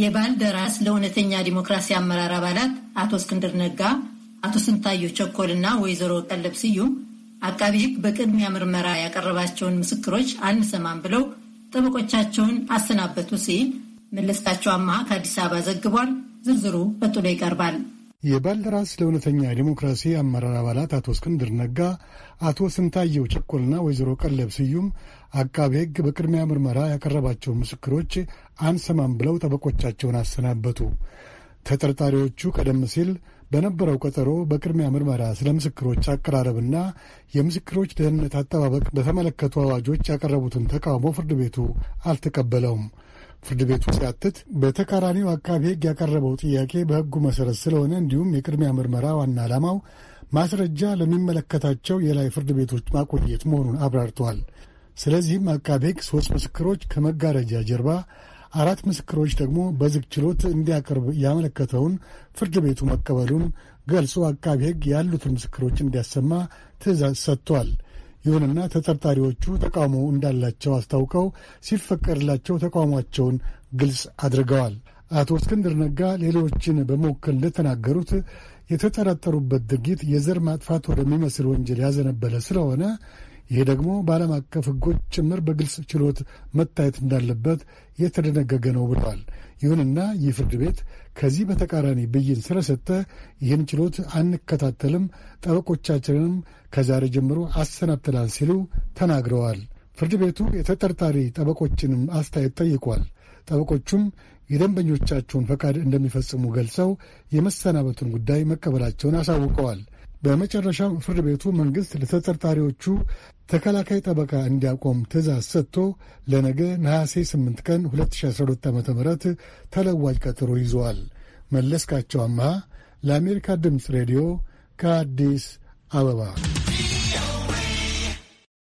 የባልደራስ ለእውነተኛ ዲሞክራሲ አመራር አባላት አቶ እስክንድር ነጋ፣ አቶ ስንታየሁ እና ወይዘሮ ቀለብ ስዩም አቃቢ ሕግ በቅድሚያ ምርመራ ያቀረባቸውን ምስክሮች አንሰማም ብለው ጠበቆቻቸውን አሰናበቱ ሲል መለስካቸው አማሃ ከአዲስ አበባ ዘግቧል። ዝርዝሩ ቀጥሎ ይቀርባል። የባልደራስ ለእውነተኛ ዴሞክራሲ አመራር አባላት አቶ እስክንድር ነጋ፣ አቶ ስንታየው ችኮልና ወይዘሮ ቀለብ ስዩም አቃቤ ሕግ በቅድሚያ ምርመራ ያቀረባቸው ምስክሮች አንሰማም ብለው ጠበቆቻቸውን አሰናበቱ። ተጠርጣሪዎቹ ቀደም ሲል በነበረው ቀጠሮ በቅድሚያ ምርመራ ስለ ምስክሮች አቀራረብና የምስክሮች ደህንነት አጠባበቅ በተመለከቱ አዋጆች ያቀረቡትን ተቃውሞ ፍርድ ቤቱ አልተቀበለውም። ፍርድ ቤቱ ሲያትት በተቃራኒው አቃቢ ሕግ ያቀረበው ጥያቄ በሕጉ መሠረት ስለሆነ እንዲሁም የቅድሚያ ምርመራ ዋና ዓላማው ማስረጃ ለሚመለከታቸው የላይ ፍርድ ቤቶች ማቆየት መሆኑን አብራርተዋል። ስለዚህም አቃቢ ሕግ ሦስት ምስክሮች ከመጋረጃ ጀርባ አራት ምስክሮች ደግሞ በዝግ ችሎት እንዲያቀርብ ያመለከተውን ፍርድ ቤቱ መቀበሉን ገልጾ አቃቢ ሕግ ያሉትን ምስክሮች እንዲያሰማ ትእዛዝ ሰጥቷል። ይሁንና ተጠርጣሪዎቹ ተቃውሞ እንዳላቸው አስታውቀው ሲፈቀድላቸው ተቃውሟቸውን ግልጽ አድርገዋል። አቶ እስክንድር ነጋ ሌሎችን በመወከል እንደተናገሩት የተጠረጠሩበት ድርጊት የዘር ማጥፋት ወደሚመስል ወንጀል ያዘነበለ ስለሆነ ይሄ ደግሞ በዓለም አቀፍ ሕጎች ጭምር በግልጽ ችሎት መታየት እንዳለበት የተደነገገ ነው ብለዋል። ይሁንና ይህ ፍርድ ቤት ከዚህ በተቃራኒ ብይን ስለሰጠ ይህን ችሎት አንከታተልም፣ ጠበቆቻችንንም ከዛሬ ጀምሮ አሰናብተናል ሲሉ ተናግረዋል። ፍርድ ቤቱ የተጠርጣሪ ጠበቆችንም አስተያየት ጠይቋል። ጠበቆቹም የደንበኞቻቸውን ፈቃድ እንደሚፈጽሙ ገልጸው የመሰናበቱን ጉዳይ መቀበላቸውን አሳውቀዋል። በመጨረሻም ፍርድ ቤቱ መንግሥት ለተጠርጣሪዎቹ ተከላካይ ጠበቃ እንዲያቆም ትእዛዝ ሰጥቶ ለነገ ነሐሴ 8 ቀን 2012 ዓ ም ተለዋጭ ቀጠሮ ይዘዋል። መለስካቸው አምሃ ለአሜሪካ ድምፅ ሬዲዮ ከአዲስ አበባ